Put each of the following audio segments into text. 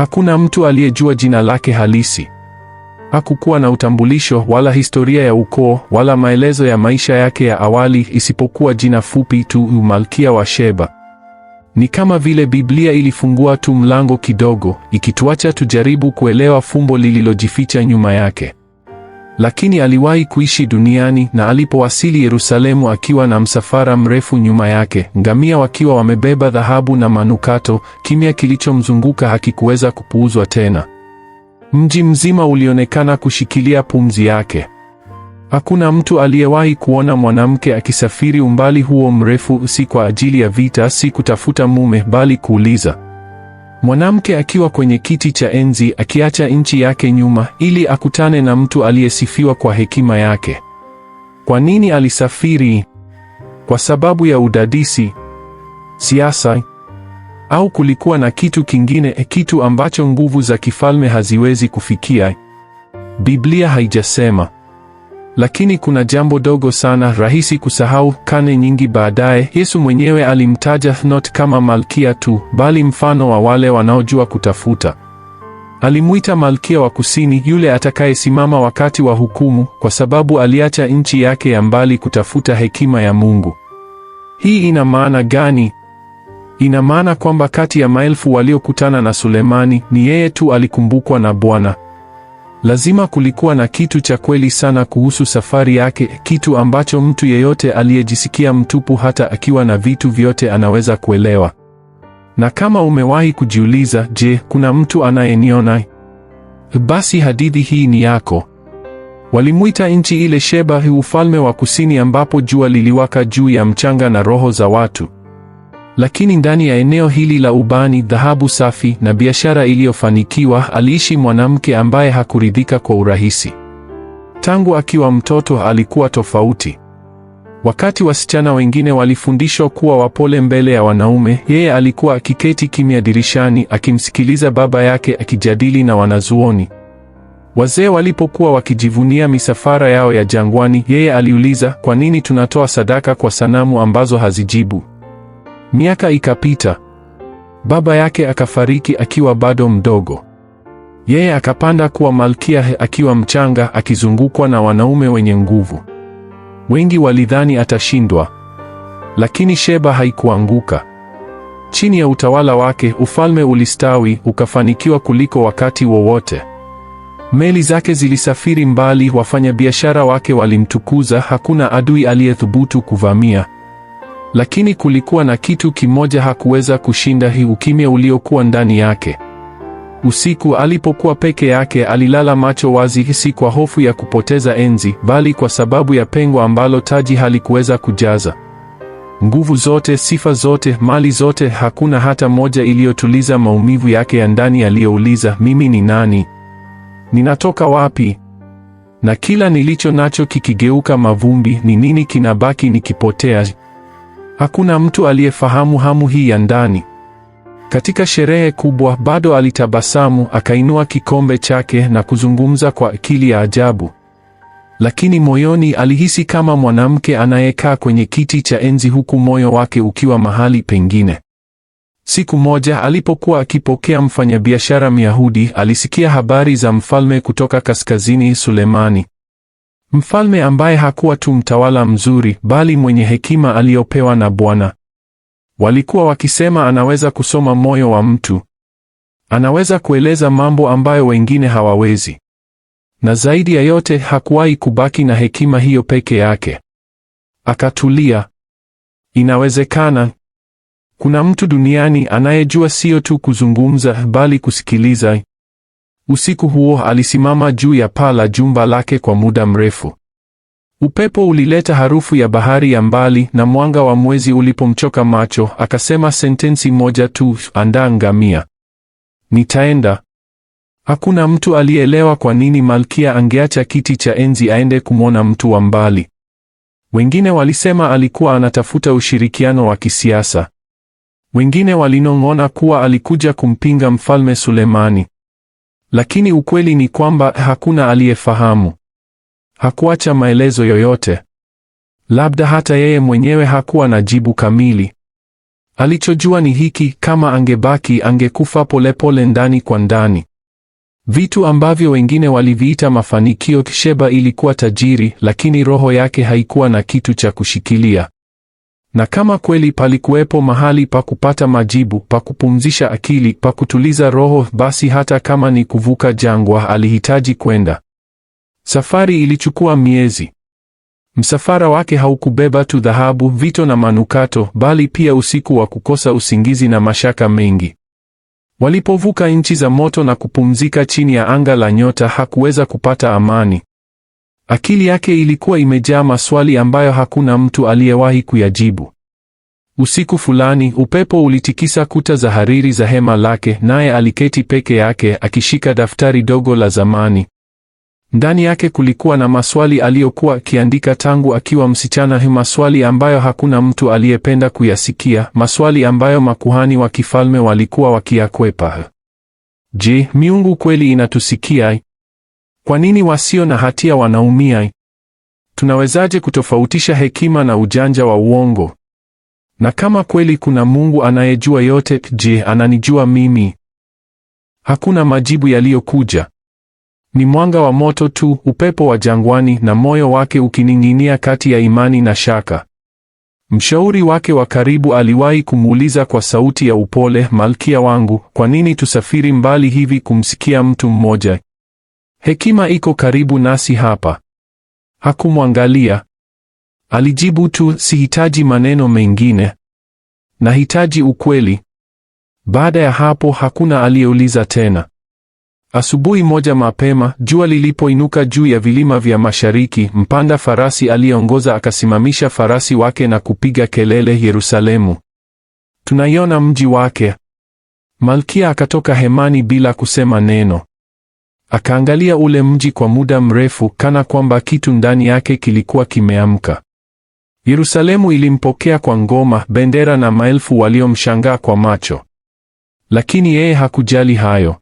Hakuna mtu aliyejua jina lake halisi. Hakukuwa na utambulisho wala historia ya ukoo wala maelezo ya maisha yake ya awali isipokuwa jina fupi tu, Malkia wa Sheba. Ni kama vile Biblia ilifungua tu mlango kidogo, ikituacha tujaribu kuelewa fumbo lililojificha nyuma yake lakini aliwahi kuishi duniani na alipowasili Yerusalemu akiwa na msafara mrefu nyuma yake, ngamia wakiwa wamebeba dhahabu na manukato, kimya kilichomzunguka hakikuweza kupuuzwa tena. Mji mzima ulionekana kushikilia pumzi yake. Hakuna mtu aliyewahi kuona mwanamke akisafiri umbali huo mrefu, si kwa ajili ya vita, si kutafuta mume, bali kuuliza Mwanamke akiwa kwenye kiti cha enzi akiacha nchi yake nyuma ili akutane na mtu aliyesifiwa kwa hekima yake. Kwa nini alisafiri? Kwa sababu ya udadisi, siasa, au kulikuwa na kitu kingine, kitu ambacho nguvu za kifalme haziwezi kufikia? Biblia haijasema. Lakini kuna jambo dogo sana rahisi kusahau. Karne nyingi baadaye, Yesu mwenyewe alimtaja Not kama malkia tu, bali mfano wa wale wanaojua kutafuta. Alimwita malkia wa kusini, yule atakayesimama wakati wa hukumu, kwa sababu aliacha nchi yake ya mbali kutafuta hekima ya Mungu. Hii ina maana gani? Ina maana kwamba kati ya maelfu waliokutana na Sulemani, ni yeye tu alikumbukwa na Bwana. Lazima kulikuwa na kitu cha kweli sana kuhusu safari yake, kitu ambacho mtu yeyote aliyejisikia mtupu hata akiwa na vitu vyote anaweza kuelewa. Na kama umewahi kujiuliza, je, kuna mtu anayeniona? Basi hadithi hii ni yako. Walimwita nchi ile Sheba, ufalme wa kusini ambapo jua liliwaka juu ya mchanga na roho za watu lakini ndani ya eneo hili la ubani, dhahabu safi na biashara iliyofanikiwa, aliishi mwanamke ambaye hakuridhika kwa urahisi. Tangu akiwa mtoto alikuwa tofauti. Wakati wasichana wengine walifundishwa kuwa wapole mbele ya wanaume, yeye alikuwa akiketi kimya dirishani akimsikiliza baba yake akijadili na wanazuoni. Wazee walipokuwa wakijivunia misafara yao ya jangwani, yeye aliuliza, kwa nini tunatoa sadaka kwa sanamu ambazo hazijibu? Miaka ikapita, baba yake akafariki akiwa bado mdogo. Yeye akapanda kuwa malkia akiwa mchanga, akizungukwa na wanaume wenye nguvu. Wengi walidhani atashindwa, lakini Sheba haikuanguka. Chini ya utawala wake, ufalme ulistawi, ukafanikiwa kuliko wakati wowote. Meli zake zilisafiri mbali, wafanyabiashara wake walimtukuza, hakuna adui aliyethubutu kuvamia. Lakini kulikuwa na kitu kimoja hakuweza kushinda, hii ukimya uliokuwa ndani yake. Usiku alipokuwa peke yake, alilala macho wazi, si kwa hofu ya kupoteza enzi, bali kwa sababu ya pengo ambalo taji halikuweza kujaza. Nguvu zote, sifa zote, mali zote, hakuna hata moja iliyotuliza maumivu yake ya ndani aliyouliza, mimi ni nani? Ninatoka wapi? Na kila nilicho nacho kikigeuka mavumbi, ni nini kinabaki nikipotea? Hakuna mtu aliyefahamu hamu hii ya ndani. Katika sherehe kubwa, bado alitabasamu, akainua kikombe chake na kuzungumza kwa akili ya ajabu, lakini moyoni alihisi kama mwanamke anayekaa kwenye kiti cha enzi, huku moyo wake ukiwa mahali pengine. Siku moja alipokuwa akipokea mfanyabiashara Myahudi, alisikia habari za mfalme kutoka kaskazini, Sulemani mfalme ambaye hakuwa tu mtawala mzuri, bali mwenye hekima aliyopewa na Bwana. Walikuwa wakisema anaweza kusoma moyo wa mtu, anaweza kueleza mambo ambayo wengine hawawezi, na zaidi ya yote, hakuwahi kubaki na hekima hiyo peke yake. Akatulia. Inawezekana kuna mtu duniani anayejua sio tu kuzungumza, bali kusikiliza. Usiku huo alisimama juu ya paa la jumba lake kwa muda mrefu. Upepo ulileta harufu ya bahari ya mbali na mwanga wa mwezi ulipomchoka macho, akasema sentensi moja tu, andaa ngamia. Nitaenda. Hakuna mtu alielewa kwa nini Malkia angeacha kiti cha enzi aende kumwona mtu wa mbali. Wengine walisema alikuwa anatafuta ushirikiano wa kisiasa. Wengine walinong'ona kuwa alikuja kumpinga Mfalme Sulemani. Lakini ukweli ni kwamba hakuna aliyefahamu. Hakuacha maelezo yoyote. Labda hata yeye mwenyewe hakuwa na jibu kamili. Alichojua ni hiki, kama angebaki angekufa polepole ndani kwa ndani. Vitu ambavyo wengine waliviita mafanikio. Sheba ilikuwa tajiri, lakini roho yake haikuwa na kitu cha kushikilia. Na kama kweli palikuwepo mahali pa kupata majibu, pa kupumzisha akili, pa kutuliza roho, basi hata kama ni kuvuka jangwa, alihitaji kwenda. Safari ilichukua miezi. Msafara wake haukubeba tu dhahabu, vito na manukato, bali pia usiku wa kukosa usingizi na mashaka mengi. Walipovuka nchi za moto na kupumzika chini ya anga la nyota, hakuweza kupata amani. Akili yake ilikuwa imejaa maswali ambayo hakuna mtu aliyewahi kuyajibu. Usiku fulani, upepo ulitikisa kuta za hariri za hema lake, naye aliketi peke yake akishika daftari dogo la zamani. Ndani yake kulikuwa na maswali aliyokuwa akiandika tangu akiwa msichana, maswali ambayo hakuna mtu aliyependa kuyasikia, maswali ambayo makuhani wa kifalme walikuwa wakiyakwepa. Je, miungu kweli inatusikia? Kwa nini wasio na hatia wanaumia? Tunawezaje kutofautisha hekima na ujanja wa uongo? Na kama kweli kuna Mungu anayejua yote, je, ananijua mimi? Hakuna majibu yaliyokuja. Ni mwanga wa moto tu, upepo wa jangwani, na moyo wake ukining'inia kati ya imani na shaka. Mshauri wake wa karibu aliwahi kumuuliza kwa sauti ya upole, Malkia wangu, kwa nini tusafiri mbali hivi kumsikia mtu mmoja? Hekima iko karibu nasi hapa. Hakumwangalia, alijibu tu, sihitaji maneno mengine, nahitaji ukweli. Baada ya hapo hakuna aliyeuliza tena. Asubuhi moja mapema, jua lilipoinuka juu ya vilima vya mashariki, mpanda farasi aliyeongoza akasimamisha farasi wake na kupiga kelele, Yerusalemu, tunaiona mji wake! Malkia akatoka hemani bila kusema neno. Akaangalia ule mji kwa muda mrefu, kana kwamba kitu ndani yake kilikuwa kimeamka. Yerusalemu ilimpokea kwa ngoma, bendera na maelfu waliomshangaa kwa macho, lakini yeye hakujali hayo.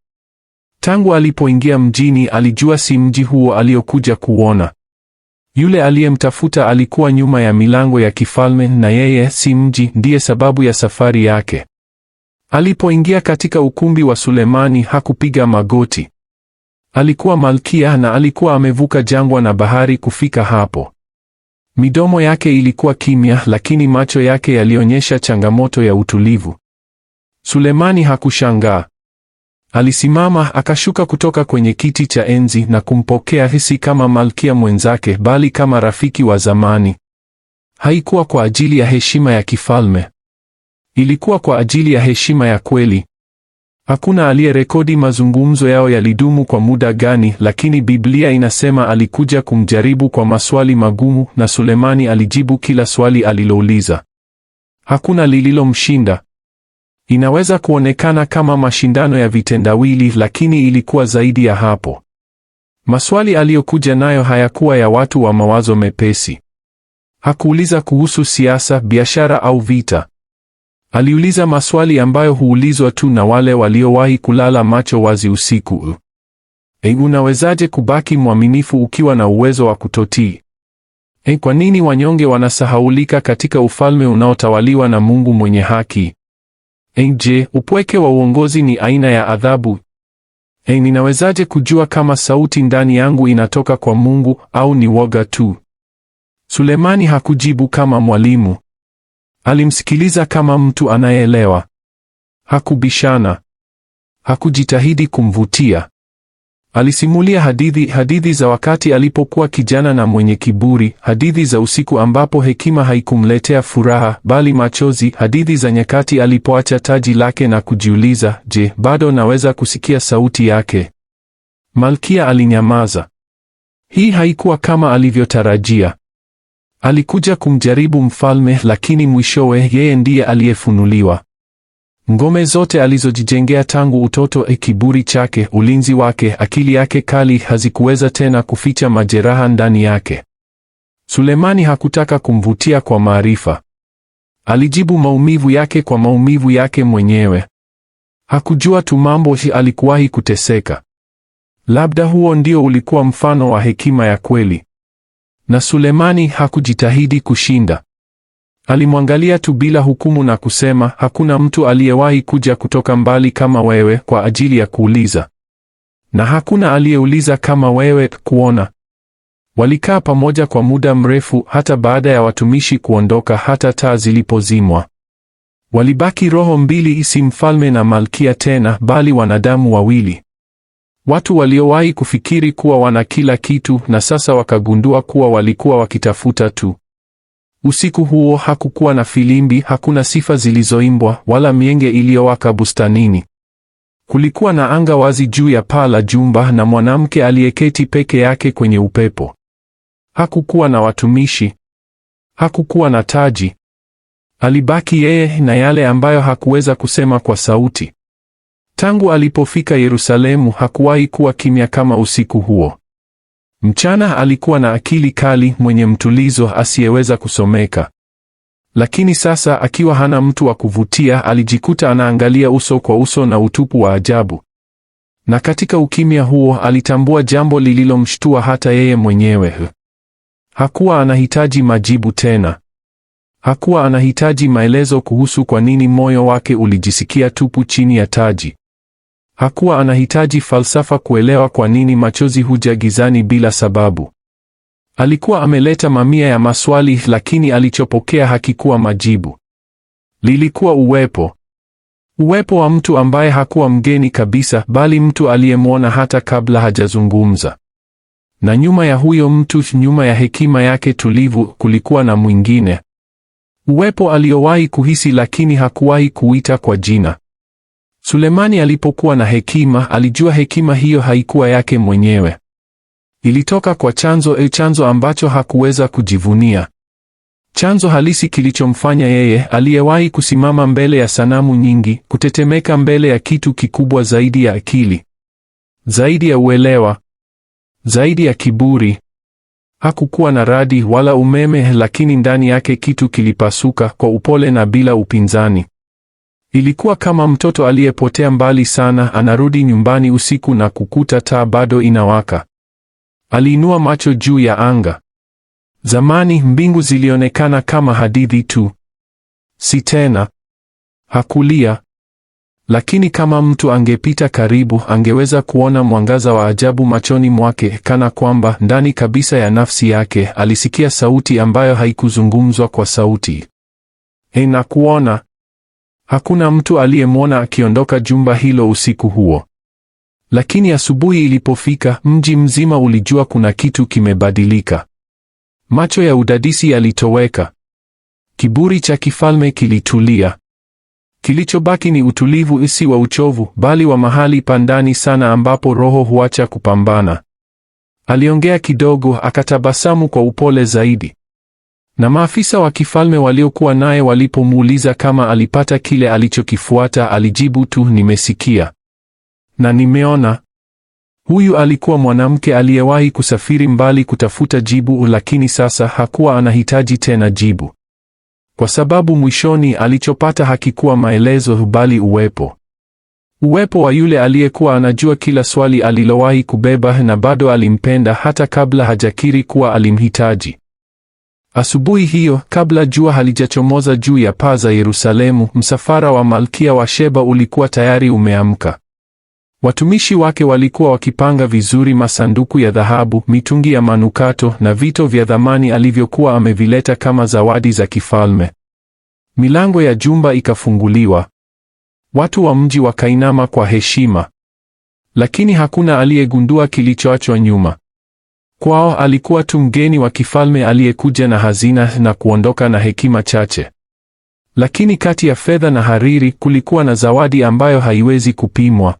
Tangu alipoingia mjini, alijua si mji huo aliokuja kuona. Yule aliyemtafuta alikuwa nyuma ya milango ya kifalme, na yeye si mji, ndiye sababu ya safari yake. Alipoingia katika ukumbi wa Sulemani hakupiga magoti. Alikuwa malkia na alikuwa amevuka jangwa na bahari kufika hapo. Midomo yake ilikuwa kimya, lakini macho yake yalionyesha changamoto ya utulivu. Sulemani hakushangaa. Alisimama, akashuka kutoka kwenye kiti cha enzi na kumpokea hisi kama malkia mwenzake, bali kama rafiki wa zamani. Haikuwa kwa ajili ya heshima ya kifalme, ilikuwa kwa ajili ya heshima ya kweli. Hakuna aliyerekodi mazungumzo yao yalidumu kwa muda gani, lakini Biblia inasema alikuja kumjaribu kwa maswali magumu na Sulemani alijibu kila swali alilouliza. Hakuna lililomshinda. Inaweza kuonekana kama mashindano ya vitendawili, lakini ilikuwa zaidi ya hapo. Maswali aliyokuja nayo hayakuwa ya watu wa mawazo mepesi. Hakuuliza kuhusu siasa, biashara au vita. Aliuliza maswali ambayo huulizwa tu na wale waliowahi kulala macho wazi usiku. E, unawezaje kubaki mwaminifu ukiwa na uwezo wa kutotii? E, kwa nini wanyonge wanasahaulika katika ufalme unaotawaliwa na Mungu mwenye haki? E, je, upweke wa uongozi ni aina ya adhabu? E, ninawezaje kujua kama sauti ndani yangu inatoka kwa Mungu au ni woga tu? Sulemani hakujibu kama mwalimu. Alimsikiliza kama mtu anayeelewa. Hakubishana, hakujitahidi kumvutia. Alisimulia hadithi, hadithi za wakati alipokuwa kijana na mwenye kiburi, hadithi za usiku ambapo hekima haikumletea furaha bali machozi, hadithi za nyakati alipoacha taji lake na kujiuliza, je, bado naweza kusikia sauti yake? Malkia alinyamaza. Hii haikuwa kama alivyotarajia. Alikuja kumjaribu mfalme, lakini mwishowe yeye ndiye aliyefunuliwa. Ngome zote alizojijengea tangu utoto, e kiburi chake, ulinzi wake, akili yake kali hazikuweza tena kuficha majeraha ndani yake. Sulemani hakutaka kumvutia kwa maarifa. Alijibu maumivu yake kwa maumivu yake mwenyewe. Hakujua tu mambo alikuwahi kuteseka. Labda huo ndio ulikuwa mfano wa hekima ya kweli. Na Sulemani hakujitahidi kushinda. Alimwangalia tu bila hukumu na kusema, hakuna mtu aliyewahi kuja kutoka mbali kama wewe kwa ajili ya kuuliza, na hakuna aliyeuliza kama wewe kuona. Walikaa pamoja kwa muda mrefu, hata baada ya watumishi kuondoka, hata taa zilipozimwa. Walibaki roho mbili, si mfalme na malkia tena, bali wanadamu wawili. Watu waliowahi kufikiri kuwa wana kila kitu na sasa wakagundua kuwa walikuwa wakitafuta tu. Usiku huo hakukuwa na filimbi, hakuna sifa zilizoimbwa wala mienge iliyowaka bustanini. Kulikuwa na anga wazi juu ya paa la jumba na mwanamke aliyeketi peke yake kwenye upepo. Hakukuwa na watumishi, hakukuwa na taji. Alibaki yeye na yale ambayo hakuweza kusema kwa sauti. Tangu alipofika Yerusalemu hakuwahi kuwa kimya kama usiku huo. Mchana alikuwa na akili kali, mwenye mtulizo asiyeweza kusomeka. Lakini sasa akiwa hana mtu wa kuvutia, alijikuta anaangalia uso kwa uso na utupu wa ajabu. Na katika ukimya huo alitambua jambo lililomshtua hata yeye mwenyewe. Hakuwa anahitaji majibu tena. Hakuwa anahitaji maelezo kuhusu kwa nini moyo wake ulijisikia tupu chini ya taji. Hakuwa anahitaji falsafa kuelewa kwa nini machozi huja gizani bila sababu. Alikuwa ameleta mamia ya maswali, lakini alichopokea hakikuwa majibu. Lilikuwa uwepo. Uwepo wa mtu ambaye hakuwa mgeni kabisa, bali mtu aliyemwona hata kabla hajazungumza. Na nyuma ya huyo mtu, nyuma ya hekima yake tulivu, kulikuwa na mwingine. Uwepo aliyowahi kuhisi, lakini hakuwahi kuita kwa jina. Sulemani alipokuwa na hekima, alijua hekima hiyo haikuwa yake mwenyewe. Ilitoka kwa chanzo, e, chanzo ambacho hakuweza kujivunia. Chanzo halisi kilichomfanya yeye aliyewahi kusimama mbele ya sanamu nyingi, kutetemeka mbele ya kitu kikubwa zaidi ya akili, zaidi ya uelewa, zaidi ya kiburi. Hakukuwa na radi wala umeme, lakini ndani yake kitu kilipasuka kwa upole na bila upinzani. Ilikuwa kama mtoto aliyepotea mbali sana anarudi nyumbani usiku na kukuta taa bado inawaka. Aliinua macho juu ya anga. Zamani mbingu zilionekana kama hadithi tu. Si tena. Hakulia. Lakini kama mtu angepita karibu, angeweza kuona mwangaza wa ajabu machoni mwake, kana kwamba ndani kabisa ya nafsi yake alisikia sauti ambayo haikuzungumzwa kwa sauti. Hey, nakuona. Hakuna mtu aliyemwona akiondoka jumba hilo usiku huo. Lakini asubuhi ilipofika, mji mzima ulijua kuna kitu kimebadilika. Macho ya udadisi yalitoweka. Kiburi cha kifalme kilitulia. Kilichobaki ni utulivu isi wa uchovu, bali wa mahali pa ndani sana ambapo roho huacha kupambana. Aliongea kidogo, akatabasamu kwa upole zaidi. Na maafisa wa kifalme waliokuwa naye walipomuuliza kama alipata kile alichokifuata, alijibu tu, nimesikia na nimeona. Huyu alikuwa mwanamke aliyewahi kusafiri mbali kutafuta jibu, lakini sasa hakuwa anahitaji tena jibu, kwa sababu mwishoni alichopata hakikuwa maelezo, bali uwepo uwepo wa yule aliyekuwa anajua kila swali alilowahi kubeba na bado alimpenda hata kabla hajakiri kuwa alimhitaji. Asubuhi hiyo, kabla jua halijachomoza juu ya paa za Yerusalemu, msafara wa Malkia wa Sheba ulikuwa tayari umeamka. Watumishi wake walikuwa wakipanga vizuri masanduku ya dhahabu, mitungi ya manukato na vito vya thamani alivyokuwa amevileta kama zawadi za kifalme. Milango ya jumba ikafunguliwa. Watu wa mji wakainama kwa heshima. Lakini hakuna aliyegundua kilichoachwa nyuma. Kwao alikuwa tu mgeni wa kifalme aliyekuja na hazina na kuondoka na hekima chache. Lakini kati ya fedha na hariri kulikuwa na zawadi ambayo haiwezi kupimwa.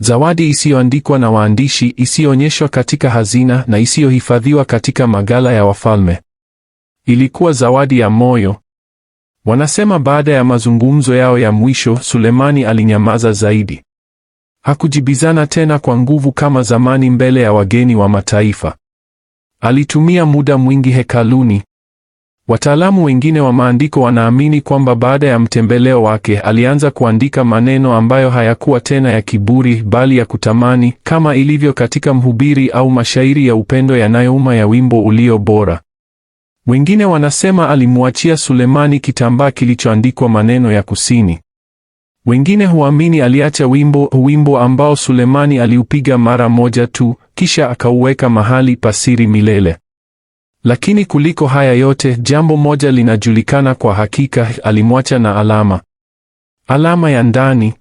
Zawadi isiyoandikwa na waandishi, isiyoonyeshwa katika hazina na isiyohifadhiwa katika magala ya wafalme. Ilikuwa zawadi ya moyo. Wanasema baada ya mazungumzo yao ya mwisho, Sulemani alinyamaza zaidi. Hakujibizana tena kwa nguvu kama zamani mbele ya wageni wa mataifa. Alitumia muda mwingi hekaluni. Wataalamu wengine wa maandiko wanaamini kwamba baada ya mtembeleo wake alianza kuandika maneno ambayo hayakuwa tena ya kiburi bali ya kutamani, kama ilivyo katika Mhubiri au mashairi ya upendo yanayouma ya Wimbo Ulio Bora. Wengine wanasema alimwachia Sulemani kitambaa kilichoandikwa maneno ya kusini. Wengine huamini aliacha wimbo, wimbo ambao Sulemani aliupiga mara moja tu, kisha akauweka mahali pasiri milele. Lakini kuliko haya yote, jambo moja linajulikana kwa hakika, alimwacha na alama, alama ya ndani,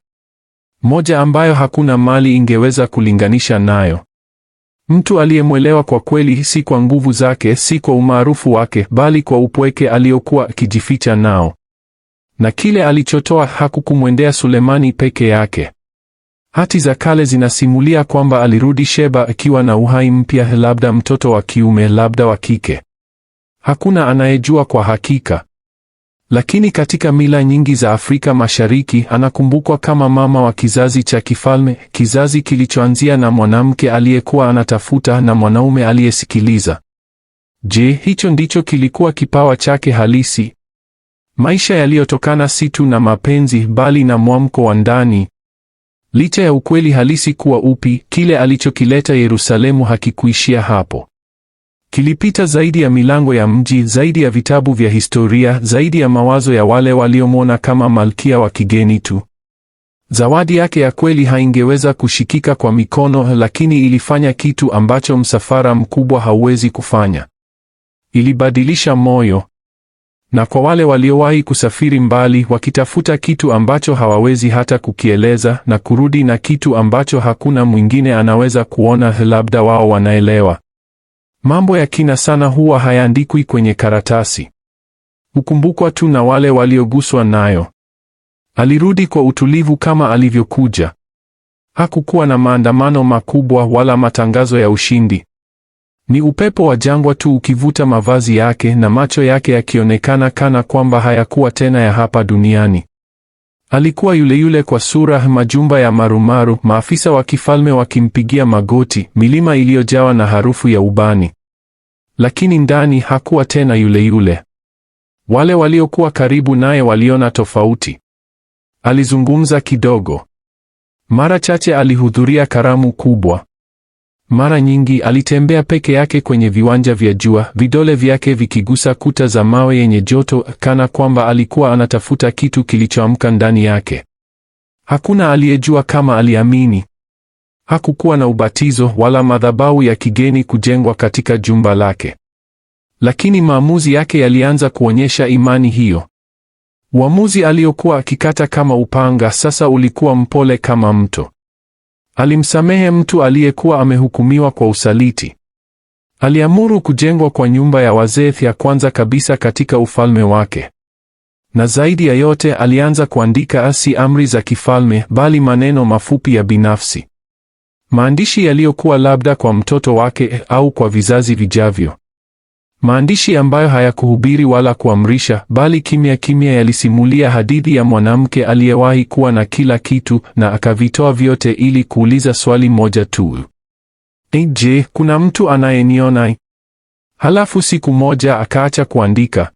moja ambayo hakuna mali ingeweza kulinganisha nayo. Mtu aliyemwelewa kwa kweli, si kwa nguvu zake, si kwa umaarufu wake, bali kwa upweke aliokuwa akijificha nao na kile alichotoa hakukumwendea Sulemani peke yake. Hati za kale zinasimulia kwamba alirudi Sheba akiwa na uhai mpya, labda mtoto wa kiume, labda wa kike. Hakuna anayejua kwa hakika. Lakini katika mila nyingi za Afrika Mashariki anakumbukwa kama mama wa kizazi cha kifalme, kizazi kilichoanzia na mwanamke aliyekuwa anatafuta na mwanaume aliyesikiliza. Je, hicho ndicho kilikuwa kipawa chake halisi? maisha yaliyotokana si tu na mapenzi bali na mwamko wa ndani. Licha ya ukweli halisi kuwa upi, kile alichokileta Yerusalemu hakikuishia hapo. Kilipita zaidi ya milango ya mji, zaidi ya vitabu vya historia, zaidi ya mawazo ya wale waliomwona kama malkia wa kigeni tu. Zawadi yake ya kweli haingeweza kushikika kwa mikono, lakini ilifanya kitu ambacho msafara mkubwa hauwezi kufanya. Ilibadilisha moyo, na kwa wale waliowahi kusafiri mbali wakitafuta kitu ambacho hawawezi hata kukieleza na kurudi na kitu ambacho hakuna mwingine anaweza kuona, labda wao wanaelewa. Mambo ya kina sana huwa hayaandikwi kwenye karatasi, hukumbukwa tu na wale walioguswa nayo. Alirudi kwa utulivu kama alivyokuja. Hakukuwa na maandamano makubwa wala matangazo ya ushindi. Ni upepo wa jangwa tu ukivuta mavazi yake na macho yake yakionekana kana kwamba hayakuwa tena ya hapa duniani. Alikuwa yule yule kwa sura, majumba ya marumaru, maafisa wa kifalme wakimpigia magoti, milima iliyojawa na harufu ya ubani. Lakini ndani hakuwa tena yule yule. Wale waliokuwa karibu naye waliona tofauti. Alizungumza kidogo. Mara chache alihudhuria karamu kubwa. Mara nyingi alitembea peke yake kwenye viwanja vya jua, vidole vyake vikigusa kuta za mawe yenye joto, kana kwamba alikuwa anatafuta kitu kilichoamka ndani yake. Hakuna aliyejua kama aliamini. Hakukuwa na ubatizo wala madhabahu ya kigeni kujengwa katika jumba lake, lakini maamuzi yake yalianza kuonyesha imani hiyo. Uamuzi aliokuwa akikata kama upanga sasa ulikuwa mpole kama mto. Alimsamehe mtu aliyekuwa amehukumiwa kwa usaliti. Aliamuru kujengwa kwa nyumba ya wazee ya kwanza kabisa katika ufalme wake. Na zaidi ya yote alianza kuandika si amri za kifalme bali maneno mafupi ya binafsi. Maandishi yaliyokuwa labda kwa mtoto wake au kwa vizazi vijavyo maandishi ambayo hayakuhubiri wala kuamrisha, bali kimya kimya yalisimulia hadithi ya mwanamke aliyewahi kuwa na kila kitu na akavitoa vyote ili kuuliza swali moja tu: eh, je, kuna mtu anayeniona? Halafu siku moja akaacha kuandika.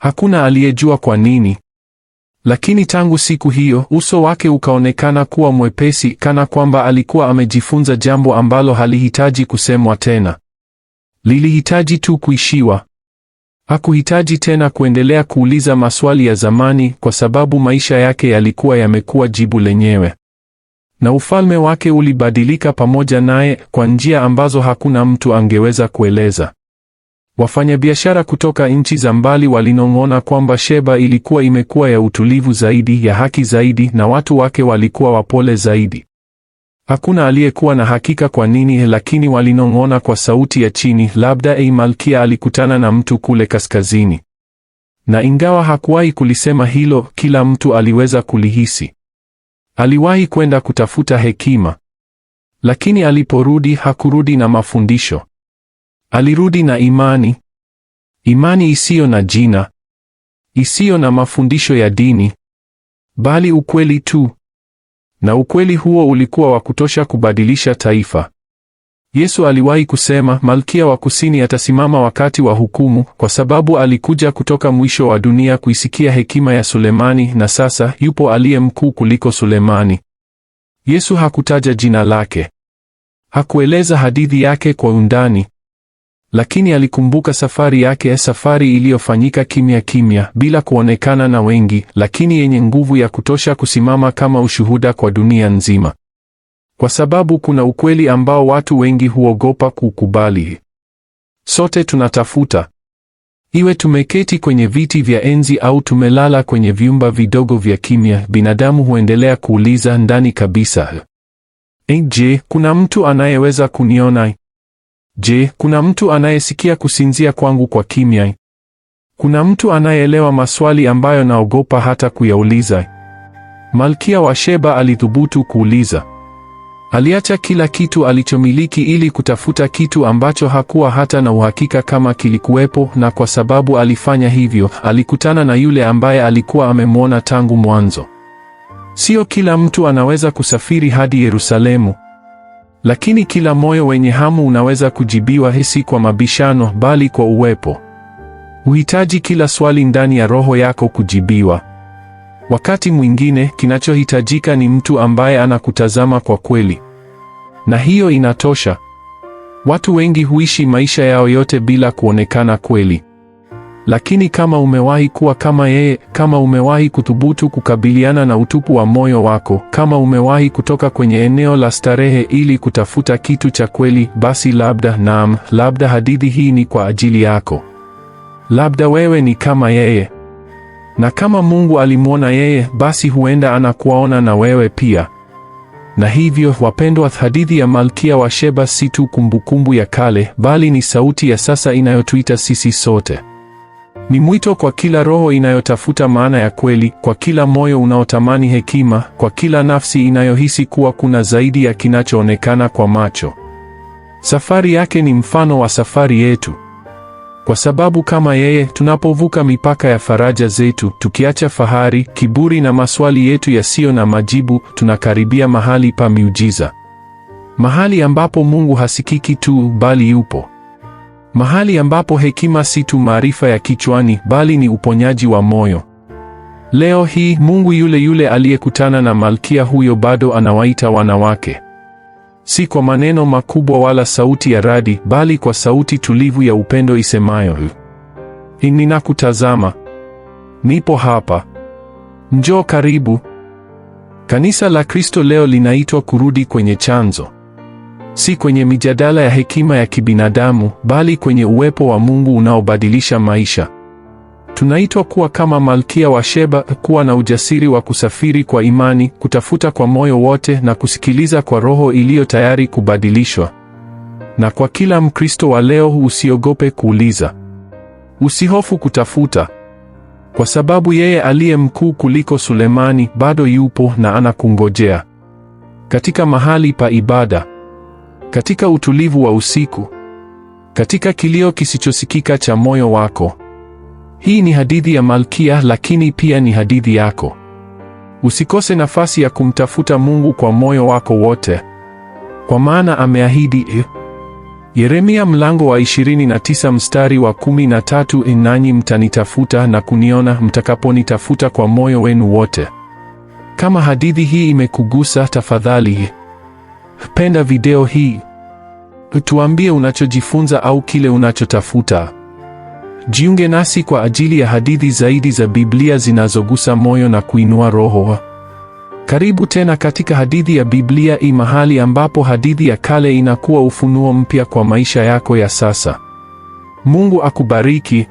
Hakuna aliyejua kwa nini, lakini tangu siku hiyo uso wake ukaonekana kuwa mwepesi, kana kwamba alikuwa amejifunza jambo ambalo halihitaji kusemwa tena. Lilihitaji tu kuishiwa. Hakuhitaji tena kuendelea kuuliza maswali ya zamani kwa sababu maisha yake yalikuwa yamekuwa jibu lenyewe. Na ufalme wake ulibadilika pamoja naye kwa njia ambazo hakuna mtu angeweza kueleza. Wafanyabiashara kutoka nchi za mbali walinong'ona kwamba Sheba ilikuwa imekuwa ya utulivu zaidi, ya haki zaidi na watu wake walikuwa wapole zaidi. Hakuna aliyekuwa na hakika kwa nini, lakini walinong'ona kwa sauti ya chini, labda ei, malkia alikutana na mtu kule kaskazini. Na ingawa hakuwahi kulisema hilo, kila mtu aliweza kulihisi. Aliwahi kwenda kutafuta hekima, lakini aliporudi hakurudi na mafundisho. Alirudi na imani, imani isiyo na jina, isiyo na mafundisho ya dini, bali ukweli tu na ukweli huo ulikuwa wa kutosha kubadilisha taifa. Yesu aliwahi kusema, Malkia wa Kusini atasimama wakati wa hukumu, kwa sababu alikuja kutoka mwisho wa dunia kuisikia hekima ya Sulemani, na sasa yupo aliye mkuu kuliko Sulemani. Yesu hakutaja jina lake. Hakueleza hadithi yake kwa undani lakini alikumbuka safari yake, safari iliyofanyika kimya kimya, bila kuonekana na wengi, lakini yenye nguvu ya kutosha kusimama kama ushuhuda kwa dunia nzima, kwa sababu kuna ukweli ambao watu wengi huogopa kukubali Sote tunatafuta, iwe tumeketi kwenye viti vya enzi au tumelala kwenye vyumba vidogo vya kimya, binadamu huendelea kuuliza ndani kabisa, je, kuna mtu anayeweza kuniona? Je, kuna mtu anayesikia kusinzia kwangu kwa kimya? Kuna mtu anayeelewa maswali ambayo naogopa hata kuyauliza? Malkia wa Sheba alithubutu kuuliza. Aliacha kila kitu alichomiliki ili kutafuta kitu ambacho hakuwa hata na uhakika kama kilikuwepo, na kwa sababu alifanya hivyo, alikutana na yule ambaye alikuwa amemwona tangu mwanzo. Sio kila mtu anaweza kusafiri hadi Yerusalemu. Lakini kila moyo wenye hamu unaweza kujibiwa, hisi kwa mabishano, bali kwa uwepo. Huhitaji kila swali ndani ya roho yako kujibiwa. Wakati mwingine kinachohitajika ni mtu ambaye anakutazama kwa kweli, na hiyo inatosha. Watu wengi huishi maisha yao yote bila kuonekana kweli. Lakini kama umewahi kuwa kama yeye, kama umewahi kuthubutu kukabiliana na utupu wa moyo wako, kama umewahi kutoka kwenye eneo la starehe ili kutafuta kitu cha kweli, basi labda, naam, labda hadithi hii ni kwa ajili yako. Labda wewe ni kama yeye. Na kama Mungu alimwona yeye, basi huenda anakuwaona na wewe pia. Na hivyo wapendwa, hadithi ya Malkia wa Sheba si tu kumbukumbu ya kale, bali ni sauti ya sasa inayotuita sisi sote. Ni mwito kwa kila roho inayotafuta maana ya kweli, kwa kila moyo unaotamani hekima, kwa kila nafsi inayohisi kuwa kuna zaidi ya kinachoonekana kwa macho. Safari yake ni mfano wa safari yetu. Kwa sababu kama yeye, tunapovuka mipaka ya faraja zetu, tukiacha fahari, kiburi na maswali yetu yasiyo na majibu, tunakaribia mahali pa miujiza. Mahali ambapo Mungu hasikiki tu bali yupo mahali ambapo hekima si tu maarifa ya kichwani, bali ni uponyaji wa moyo. Leo hii Mungu yule yule aliyekutana na malkia huyo bado anawaita wanawake, si kwa maneno makubwa wala sauti ya radi, bali kwa sauti tulivu ya upendo isemayo, ninakutazama, nipo hapa, njoo karibu. Kanisa la Kristo leo linaitwa kurudi kwenye chanzo si kwenye mijadala ya hekima ya kibinadamu, bali kwenye uwepo wa Mungu unaobadilisha maisha. Tunaitwa kuwa kama Malkia wa Sheba, kuwa na ujasiri wa kusafiri kwa imani, kutafuta kwa moyo wote na kusikiliza kwa roho iliyo tayari kubadilishwa. Na kwa kila Mkristo wa leo, usiogope kuuliza. Usihofu kutafuta. Kwa sababu yeye aliye mkuu kuliko Sulemani bado yupo na anakungojea. Katika mahali pa ibada katika utulivu wa usiku, katika kilio kisichosikika cha moyo wako. Hii ni hadithi ya Malkia, lakini pia ni hadithi yako. Usikose nafasi ya kumtafuta Mungu kwa moyo wako wote, kwa maana ameahidi. Eh, Yeremia mlango wa 29 mstari wa 13, eh, nanyi mtanitafuta na kuniona mtakaponitafuta kwa moyo wenu wote. Kama hadithi hii imekugusa, tafadhali eh, penda video hii, tuambie unachojifunza au kile unachotafuta. Jiunge nasi kwa ajili ya hadithi zaidi za Biblia zinazogusa moyo na kuinua roho. Karibu tena katika Hadithi ya Biblia, i mahali ambapo hadithi ya kale inakuwa ufunuo mpya kwa maisha yako ya sasa. Mungu akubariki.